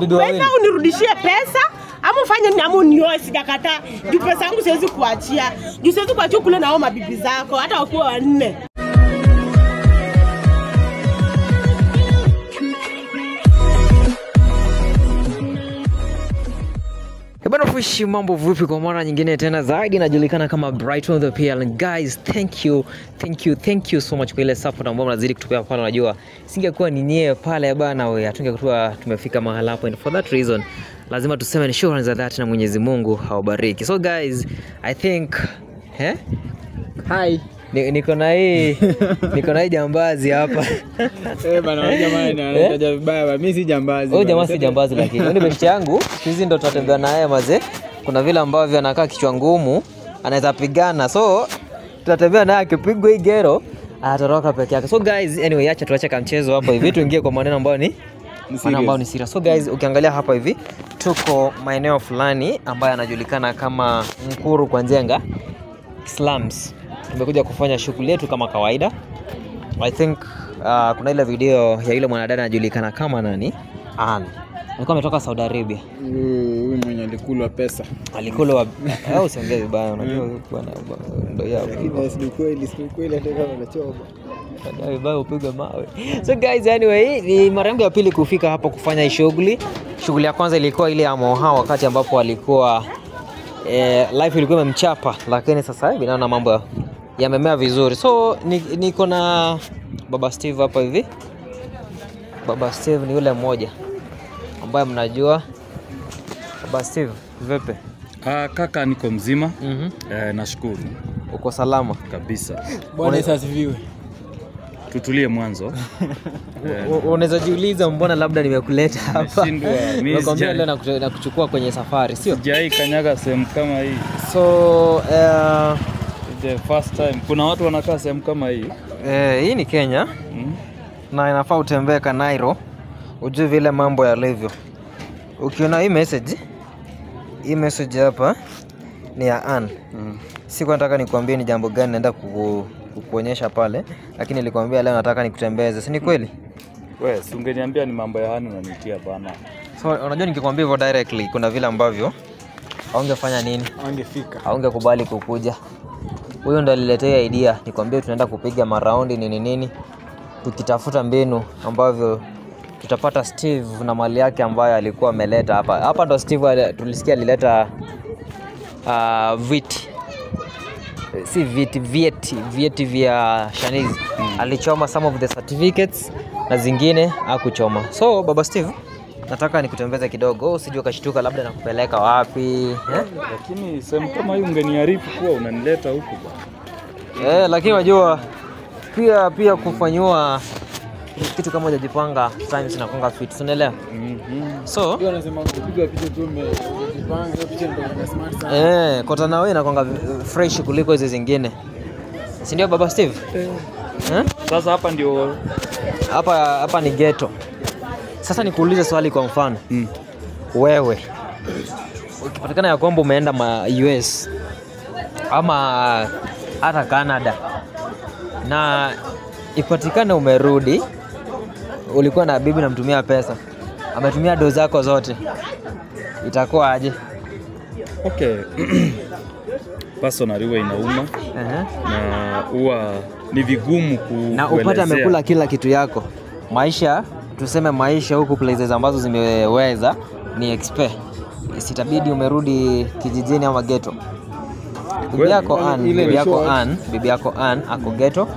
Wewe unirudishie pesa ama ufanye ama unioe, sijakataa. Juu pesa yangu siwezi kuachia, juu siwezi kuachia kule na mabibi zako, hata wakuwa wanne. Eh, bwana Fushi, mambo vipi? Kwa mara nyingine tena zaidi najulikana kama Bright on the PL. Guys, thank you, thank you, thank you so much kwa ile support ambayo mnazidi kutupea pale. Unajua, singekuwa ni nyie pale bana, we hatungekuwa tumefika mahala hapo, and for that reason lazima tuseme ni shukrani za dhati na Mwenyezi Mungu awabariki. So guys, I think eh? Hi niko na hii niko na hii jambazi hapa. Eh bana, jamani eh? vibaya. Mimi si jambazi. Wewe jamaa si jambazi, lakini yule besti yangu siku hizi ndo tunatembea naye maze Kuna vile ambavyo anakaa kichwa ngumu, anaweza pigana, so tunatembea naye akipigwa hii gero atoroka peke yake. So guys, anyway, acha tuache mchezo hapo hivi, tuingie kwa maneno ambayo ni ambao ni sira So guys, ukiangalia hapa hivi tuko maeneo fulani ambayo yanajulikana kama mkuru kwa Njenga slums tumekuja kufanya shughuli yetu kama kawaida. I think uh, kuna ile video ya yule mwanadada anajulikana kama nani? Ann. Alikuwa ametoka Saudi Arabia. Huyu mwenye alikulwa pesa. Alikulwa au usiongee vibaya unajua bwana ndio yao. Si kweli, si kweli hata kama anachoba. Vibaya upigwe mawe. So guys, anyway, ni mara yangu ya pili kufika hapa kufanya hii shughuli. Shughuli ya kwanza ilikuwa ile ya Moha wakati ambapo alikuwa eh, life ilikuwa imemchapa, lakini sasa hivi naona mambo yamemea vizuri. So niko ni na Baba Steve hapa hivi. Baba Steve ni yule mmoja ambaye mnajua. Baba Steve, vipi? Ah, kaka niko mzima. mm -hmm. Eh, nashukuru. Uko salama kabisa. Bwana asifiwe tutulie mwanzo. Eh. Unaweza jiuliza mbona labda nimekuleta hapa kuchukua leo kwenye safari, sio? Sijai kanyaga sehemu kama hii, so uh, the first time. Kuna watu wanakaa sehemu kama hii eh, hii ni Kenya mm. na inafaa utembee Kanairo ujue vile mambo yalivyo. Ukiona hii message, hii message hapa ni ya an mm. Siku nataka ni jambo gani naenda kukuonyesha pale, lakini nilikwambia leo nataka nikutembeze, si ni kweli? We, si ungeniambia ni mambo ya hani unanitia bana. So unajua nikikwambia hivyo directly, kuna vile ambavyo aungefanya nini, Aungefika. Aungekubali kukuja. Huyo ndo aliletea idea, nikwambia tunaenda kupiga maraundi nini nini, tukitafuta mbinu ambavyo tutapata Steve na mali yake ambayo alikuwa ameleta hapa. Hapa ndo Steve tulisikia alileta uh, viti si vieti vieti vieti vya Shaniz mm. alichoma some of the certificates na zingine akuchoma. So baba Steve, nataka nikutembeze kidogo, usije ukashtuka labda nakupeleka wapi eh? Lakini sehemu kama hii ungeniarifu kuwa unanileta huku bwana eh, lakini wajua pia pia kufanyiwa kitu kama hujajipanga times nakonga fit, unaelewa? mm -hmm. so Eh, na wewe inakwanga fresh kuliko hizi zingine, si ndio baba Steve? Eh. Eh? Sasa hapa ndio hapa hapa ni ghetto. Sasa nikuulize swali kwa mfano mm. Wewe ukipatikana ya kwamba umeenda ma US ama hata Canada na ipatikane umerudi, ulikuwa na bibi namtumia pesa, ametumia do zako zote itakuwa aje? Okay. personal huwa inauma uh -huh. na huwa ni vigumu ku na upate amekula kila kitu yako maisha, tuseme maisha huku places ambazo zimeweza ni expe, sitabidi umerudi kijijini ama geto. Bibi yako Ann, bibi yako Ann, bibi yako Ann ako geto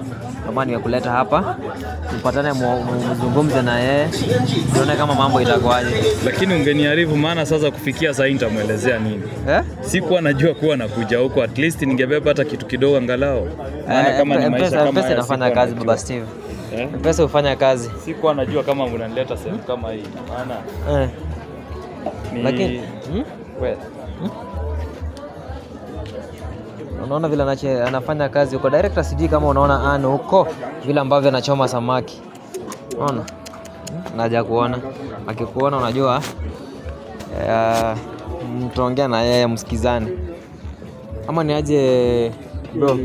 kama nimekuleta hapa, tupatane, mzungumze na yeye, tuone kama mambo itakuwaje. Lakini ungeniarifu, maana sasa kufikia sasa nitamwelezea nini eh? Sikuwa najua kuwa nakuja huko, at least ningebeba hata kitu kidogo angalau, maana eh, kama ni maisha kama pesa inafanya kazi, baba Steve eh? Pesa hufanya kazi. Sikuwa najua kama unanileta sehemu kama hii, maana eh. ni... lakini hmm? Well. Hmm? unaona vile anache, anafanya kazi huko director, sijui kama unaona Ann huko vile ambavyo anachoma samaki, unaona naja kuona, akikuona unajua eh, mtaongea na yeye msikizane, ama ni aje bro?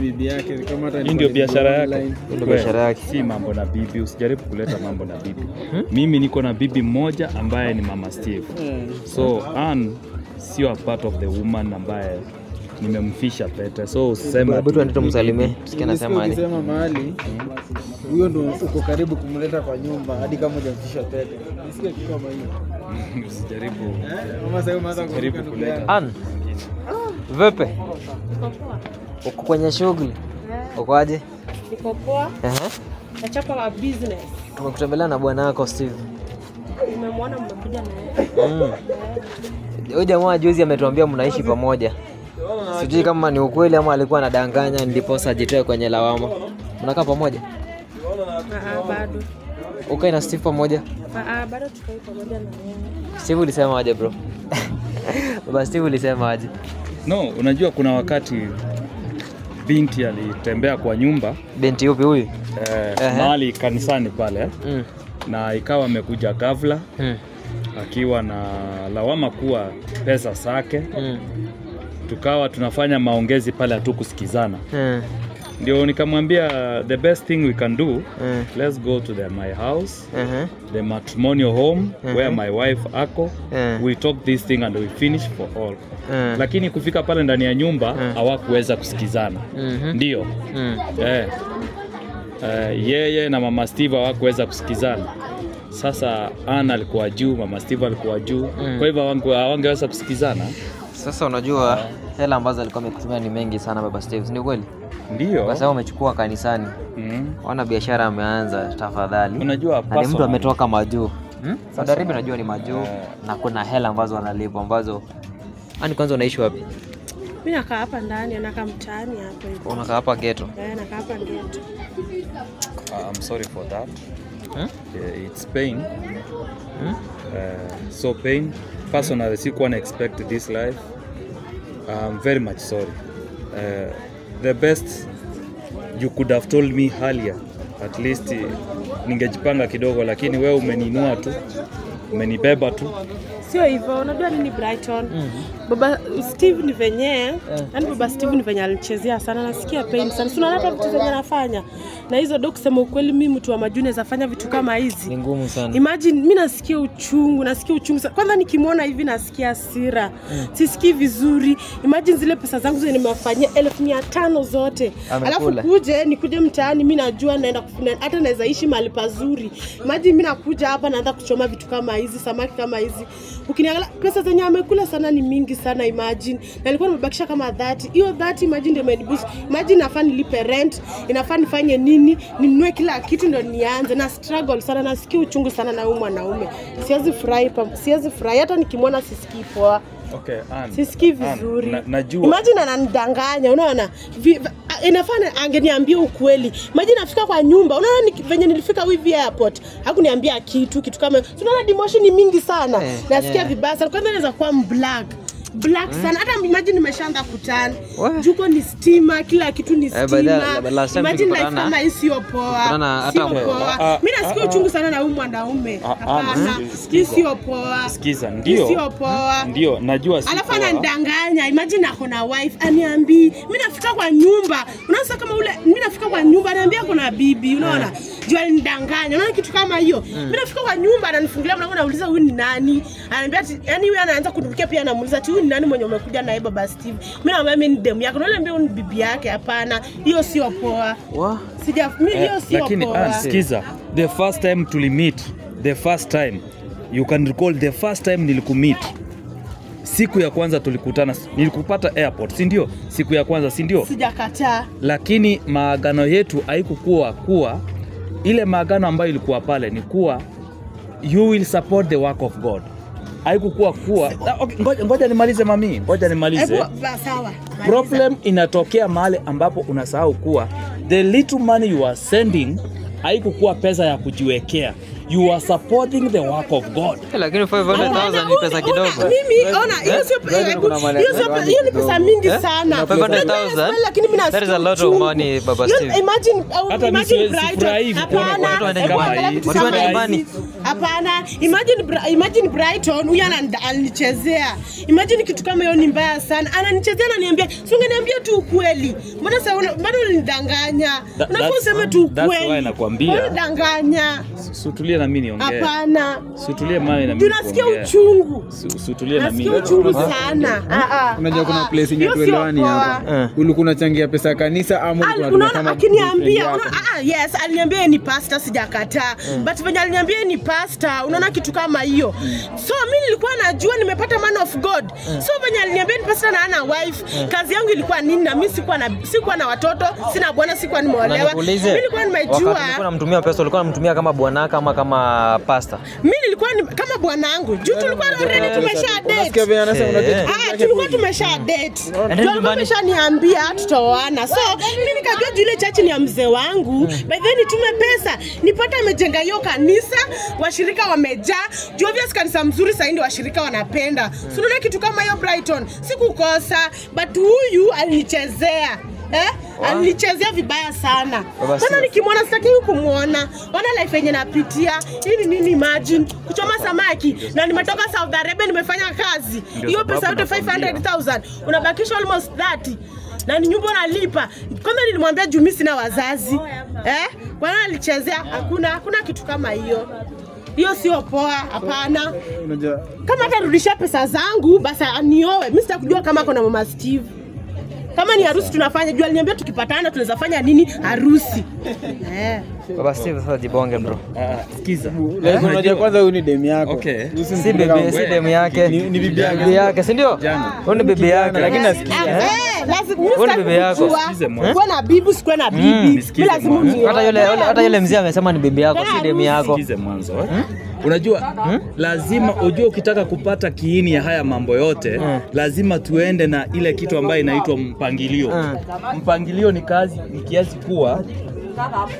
bibi yake, kama hata Ndio biashara yake, ndio biashara yake, si mambo na bibi. Usijaribu kuleta mambo na bibi. Hmm? Mimi niko na bibi mmoja ambaye ni mama Steve, hmm. so Ann sio a part of the woman ambaye nimemfisha pete so usisematumsalimie tusikia mahali huyo ndo uko karibu kumleta kwa nyumba hadi kama ujamfisha pete nisikia kikama hiyo eh, uko kwenye shughuli eh. ukoaje business tumekutembelea na bwana wako steve umemwona mmekuja mm. huyu jamaa juzi ametuambia mnaishi pamoja Sijui kama ni ukweli ama alikuwa anadanganya ndiposa ajitoe kwenye lawama. Mnakaa pamoja? Bado ukae na Steve pamoja? Bado tukai pamoja na yeye. Steve ulisema aje bro? Baba Steve ulisema aje? No, unajua kuna wakati binti alitembea kwa nyumba. Binti yupi huyu? Eh, mahali kanisani pale mm. na ikawa amekuja ghafla mm. akiwa na lawama kuwa pesa zake mm tukawa tunafanya maongezi pale, hatukusikizana yeah. Ndio nikamwambia the best thing we can do yeah. let's go to the, my house uh -huh. the matrimonial home uh -huh. where my wife ako yeah. we talk this thing and we finish for all yeah. Lakini kufika pale ndani ya nyumba hawakuweza kusikizana mm -hmm. Ndio mm. yeah. Uh, eh, yeye na mama Steve hawakuweza kusikizana. Sasa ana alikuwa juu, mama Steve alikuwa juu mm. Kwa hivyo hawangeweza kusikizana. Sasa unajua hela ambazo alikuwa amekutumia ni mengi sana Baba steve ni kweli? Ndio. Kwa sababu umechukua kanisani. Mm. Ona biashara ameanza tafadhali. Unajua na ni mtu ametoka majuu. Hmm? Saudi unajua ni majuu yeah. na kuna hela ambazo wanalipa ambazo ani kwanza unaishi wapi? Mimi nakaa hapa ndani, nakaa mtaani hapo hivi. Unakaa hapa ghetto? Eh, nakaa hapa ghetto. Ah, I'm sorry for that. Huh? Hmm? Eh, yeah, it's pain. Hmm? Uh, so pain. Personally, sikuwa na expect this life. I'm um, very much sorry. Uh, the best you could have told me earlier. At least ningejipanga kidogo, lakini wewe umeninua tu, umenibeba tu sio hivyo. Unajua nini Brighton? mm. Baba Steve ni venye yeah. Yani baba Steve ni venye alichezea sana, nasikia pain sana. si hata vitu zenye anafanya na hizo do, sema ukweli, mimi mtu wa majuni zafanya vitu kama hizi ni ngumu sana. Imagine mimi nasikia uchungu, nasikia uchungu sana. Kwanza nikimwona hivi nasikia hasira mm. sisikii vizuri. Imagine zile pesa zangu zenye nimewafanyia 1500 zote, alafu kuje nikuje mtaani, mimi najua naenda kufuna, hata naweza ishi mahali pazuri. Imagine mimi nakuja hapa naanza kuchoma vitu kama hizi, samaki kama hizi ukiniangalia pesa zenye amekula sana ni mingi sana imagine na nilikuwa nimebakisha kama 30 hiyo 30 imagine ndio imenibush imagine nafaa nilipe rent inafaa nifanye nini ninunue kila kitu ndo nianze na struggle sana na sikii uchungu sana na huyu mwanaume siwezi furahi siwezi furahi hata nikimwona sisikii poa okay, sisikii vizuri najua na imagine ananidanganya unaona Ah, inafana angeniambia ukweli. Maji nafika kwa nyumba, unaona ni, venye nilifika hivi airport, hakuniambia kitu kitu kama, unaona demotion ni mingi sana, yeah, nasikia yeah. vibaya sana, kwanza naweza kuwa mblack black mm. sana. Hata imagine nimeshaanza kutan. Juko ni stima, kila kitu ni eh, stima. Eh, but imagine like kama hii sio poa. Sio poa. Ah, ah, mimi nasikia ah, uchungu sana na huyu mwanaume. Hapana, hii sio poa. Sikiza, ndio. Sio poa. Ndio, najua sio. Alafu ananidanganya. Imagine ako na wife, aniambii. Mimi nafika kwa nyumba. Unaona kama ule mimi nafika kwa nyumba, anaambia kuna bibi, unaona? Yeah ndio alinidanganya. Unaona kitu kama hiyo. Mm. Mimi nafika kwa nyumba ananifungulia mlango nauliza huyu ni nani? Ananiambia ati yani wewe anaanza kunukia pia anamuuliza ati huyu ni nani mwenye umekuja naye baba Steve. Mimi na mimi ni demu yako. Naona huyu ni bibi yake. Hapana, hiyo sio poa. Wa? Sija mimi eh, hiyo eh, sio lakini, poa. Lakini ah, sikiza, the first time tulimeet, the first time you can recall the first time nilikumeet siku ya kwanza tulikutana, nilikupata airport, si ndio? Siku ya kwanza, si ndio? Sijakataa, lakini maagano yetu haikukuwa kuwa, kuwa ile maagano ambayo ilikuwa pale ni kuwa you will support the work of God haikukuwa kuwa ah, okay, ngoja, nimalize mami, ngoja nimalize. Eh, problem inatokea mahali ambapo unasahau kuwa the little money you are sending haikukuwa pesa ya kujiwekea you are supporting the work of God. Eh, lakini 500,000 ni pesa kidogo. Mimi eh, ona hiyo eh, sio hiyo ni pesa mingi sana. 500,000 lakini mimi that is a lot of money Baba Steve. Imagine uh, hata mimi siwezi watu waende nyumbani. Hapana, imagine imagine Brighton huyu ananichezea. Imagine kitu kama hiyo ni mbaya sana. Ananichezea na niambia, si ungeniambia tu ukweli. Mbona sasa bado unidanganya? Unafaa useme tu ukweli. That's why nakwambia. Unidanganya. Sutulia Situlie na mimi niongee. Hapana. Situlie mawe na mimi. Tunasikia uchungu. Situlie na mimi. Nasikia uchungu sana. Ah, ah. Unajua kuna ah, place yenye tuelewani hapa. Eh. Ulikuwa unachangia pesa kanisa ama ulikuwa kama akiniambia ah yes aliniambia ni pastor sijakataa. Eh. But venye aliniambia ni pastor unaona kitu kama hiyo. Hmm. So mimi nilikuwa najua nimepata man of God. Eh. So venye aliniambia ni pastor na ana wife. Kazi yangu ilikuwa nini na mimi sikuwa na sikuwa na watoto, sina bwana, sikuwa nimeolewa. Mimi nilikuwa nimejua. Wakati ulikuwa unamtumia pesa ulikuwa unamtumia kama bwanaka ama kama kama pasta? Mimi nilikuwa ni, kama bwanangu juu tulikuwa already eh. ah, tumesha date. Ah, tulikuwa tumesha date. Ndio alikuwa ameshaniambia tutaoana. So mimi nikajua juu ile ni ya mzee wangu. Hmm. By the way nitume pesa. Nipata amejenga hiyo kanisa, washirika wamejaa. Juu obvious kanisa mzuri sasa ndio washirika wanapenda. Hmm. So kitu kama hiyo Brighton sikukosa, but huyu alinichezea. Eh? alinichezea vibaya sana. sana, nikimwona sitaki kumwona. Ona life yenye napitia. Hii nini imagine kuchoma samaki na nimetoka Saudi Arabia nimefanya kazi. Hiyo pesa yote 500,000 unabakisha almost 30 na ni nyumba nalipa. Kwanza nilimwambia juu sina wazazi oh, eh, kwanza alichezea. Hakuna hakuna kitu kama hiyo hiyo sio poa, hapana. Kama atarudisha pesa zangu basi anioe. Mimi sitakujua kama kuna mama Steve. Kama ni harusi tunafanya, jua aliniambia tukipatana tunaweza fanya nini harusi. Eh. Baba Steve sasa jibonge bro. Ah, sikiza. Lazima eh, unajua kwanza huyu ni demu yako. Si bibi, si demu yake. Ni bibi yake. Bibi yake, si ndio? Huyu ni bibi yake. Lakini nasikia. Eh, eh? eh lazima huyu ni bibi yako. kwa na bibi, sikuwa na mm, bibi. Lazima hata yule hata yule mzee amesema ni bibi yako, si demu yako. Sikize mwanzo. Hmm? Unajua hmm? lazima ujue ukitaka kupata kiini ya haya mambo yote hmm. lazima tuende na ile kitu ambayo inaitwa mpangilio hmm. Mpangilio ni kazi ni kiasi kuwa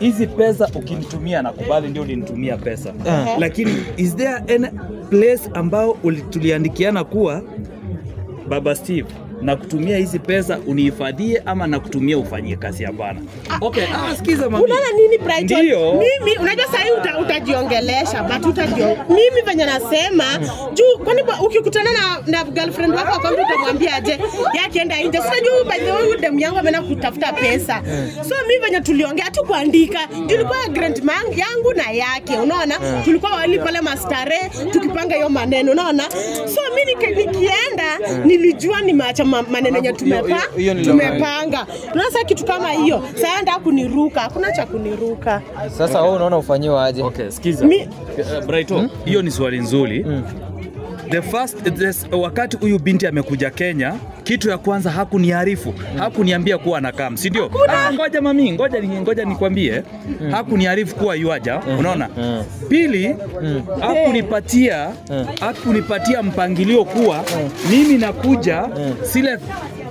hizi pesa ukinitumia na kubali ndio ulinitumia pesa hmm. Lakini is there any place ambao tuliandikiana kuwa Baba Steve na kutumia hizi pesa unihifadhie ama na kutumia ufanyie kazi? Hapana. Okay, ah, sikiza mami. Unaona nini Brighton? Ndiyo. Mimi unajua sasa uta, utajiongelesha uta but utajio. Mimi venye nasema juu kwani ukikutana na, na girlfriend wako kwamba utamwambia aje yake enda nje. Sasa juu by the way demu yangu amena kutafuta pesa. So mimi venye tuliongea tu kuandika. Tulikuwa grand man yangu na yake. Unaona? Tulikuwa wali pale mastare tukipanga hiyo maneno. Unaona? So mimi nikienda Eh. Nilijua ni macha maneno yenye tumepa, tumepanga. Sasa kitu kama hiyo sasa nda kuniruka, hakuna cha kuniruka. Sasa wewe unaona ufanyiwe aje? Okay, sikiza Mi... Eh, Brighto, hmm? hiyo ni swali nzuri hmm. The first, this, wakati huyu binti amekuja Kenya, kitu ya kwanza hakuniarifu, hakuniambia kuwa anakam, si ndio? Ah, ngoja mami, ngoja ngoja nikwambie, hmm. hakuniarifu kuwa yuaja, hmm. unaona. Hmm. Pili, hakunipatia hakunipatia mpangilio kuwa mimi nakuja sile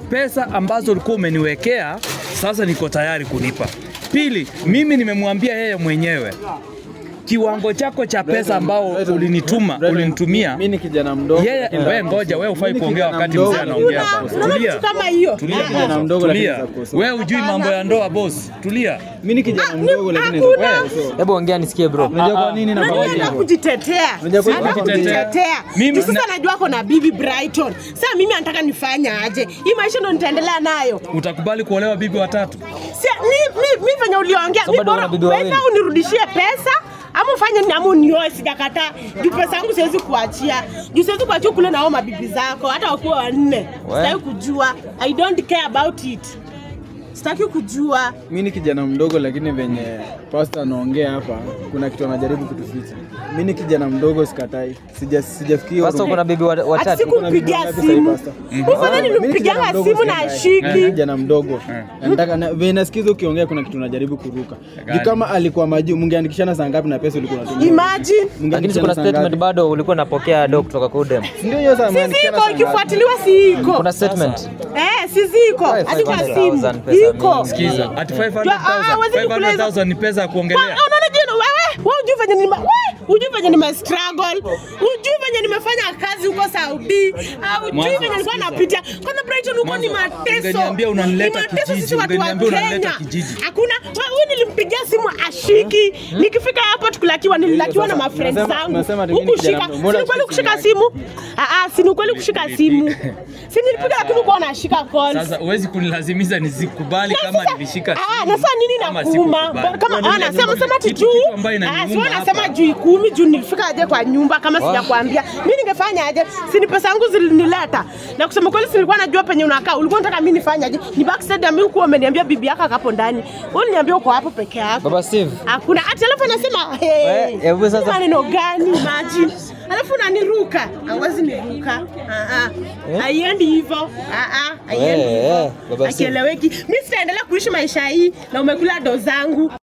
pesa ambazo ulikuwa umeniwekea sasa niko tayari kunipa. Pili, mimi nimemwambia yeye mwenyewe kiwango chako cha pesa ambao ulinituma ulinitumia. Mimi ni kijana mdogo. Yeye wewe ngoja, wewe ufai kuongea wakati mzee anaongea. Tulia. Kama hiyo. Tulia kijana mdogo lakini za kosa. Wewe ujui mambo ya ndoa boss. Tulia. Mimi ni kijana ah, mdogo lakini wewe. Hebu ongea nisikie bro. Unajua kwa nini na kwa nini kujitetea. Unataka kujitetea. Mimi sasa najua uko na bibi Brighton. Sasa mimi nataka nifanye aje? Hii maisha ndio nitaendelea nayo. Utakubali kuolewa bibi watatu? Sasa mimi mimi fanya uliongea. Mimi bora wewe unirudishie pesa ama ufanye nini ama unioe, sijakataa juu pesa yangu siwezi kuachia, juu siwezi kuachia kule nao mabibi zako, hata wakuwa wanne, sitaki kujua. I don't care about it sitaki kujua. Mi ni kijana mdogo, lakini venye pasta anaongea hapa, kuna kitu anajaribu kutuficha. Mi ni kijana mdogo, sikatai, sijafikia. Pasta, kuna bibi watatu, sikumpigia simu. Ufanya mhm. nilimpigia simu na ashiki. Kijana mdogo, mhm. nataka venye nasikiza ukiongea, kuna kitu unajaribu kuruka. Ni yaani. kama alikuwa majuu, mngeandikishana saa ngapi na pesa ulikuwa unatumia? Imagine. Lakini kuna statement bado ulikuwa unapokea do kutoka kwa Udem. Ndio hiyo sasa. Si ziko, ikifuatiliwa si iko. Kuna statement. Eh, si ziko. Hadi kwa simu ziko. Sikiza, at 500,000 500,000 ni pesa ya kuongelea. Ah, ah, Unaona jino wewe, wewe unajua fanya nini? wewe Ujui venye nime struggle, ujui venye nimefanya kazi huko Saudi, ah, ujui venye nilikuwa napitia. Kwanza Brighton huko ni mateso. ni mateso. sisi watu wa Kenya. Hakuna wewe, nilimpigia simu ashiki. Nikifika hapo tukulakiwa, nililakiwa na mafriends zangu. Ukushika, si kweli kushika simu? Ah ah, si kweli kushika simu. Si nilipiga lakini uko unashika calls. Sasa huwezi kunilazimisha nizikubali kama nilishika. Ah, na sasa nini nakuuma? Kama anasema yaani ah, sema tijuu. Ah, sio anasema juu kumi juu nilifika aje kwa nyumba kama wow. sijakwambia mimi ningefanya aje? Si ni pesa yangu zilinileta, na kusema kweli nilikuwa najua penye unakaa. Ulikuwa unataka mimi nifanye aje? Ni backstage mimi kuwa umeniambia bibi yako akapo ndani, wewe uliniambia uko hapo peke yako. Baba Steve, hakuna hata. Alafu anasema hey, hebu sasa maneno gani? Imagine alafu unaniruka, hawezi niruka. Ah, ah. Eh? Haiendi hivyo, ah, haiendi hivyo, akieleweki. Mimi sitaendelea kuishi maisha hii na umekula do zangu.